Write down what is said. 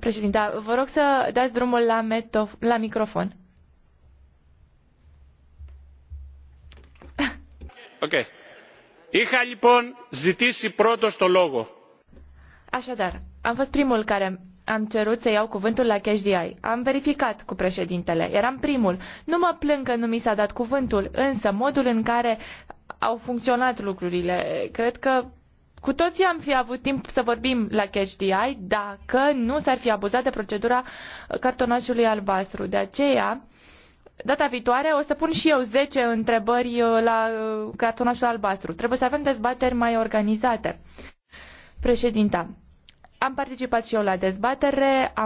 Președinte, vă rog să dați drumul la, microfon. Ok. Așadar, am fost primul care am cerut să iau cuvântul la KDI. Am verificat cu președintele. Eram primul. Nu mă plâng că nu mi s-a dat cuvântul, însă modul în care au funcționat lucrurile, cred că cu toții am fi avut timp să vorbim la Catch the Eye dacă nu s-ar fi abuzat de procedura cartonașului albastru. De aceea, data viitoare o să pun și eu 10 întrebări uh, la uh, cartonașul albastru. Trebuie să avem dezbateri mai organizate. Președinta, am participat și eu la dezbatere, am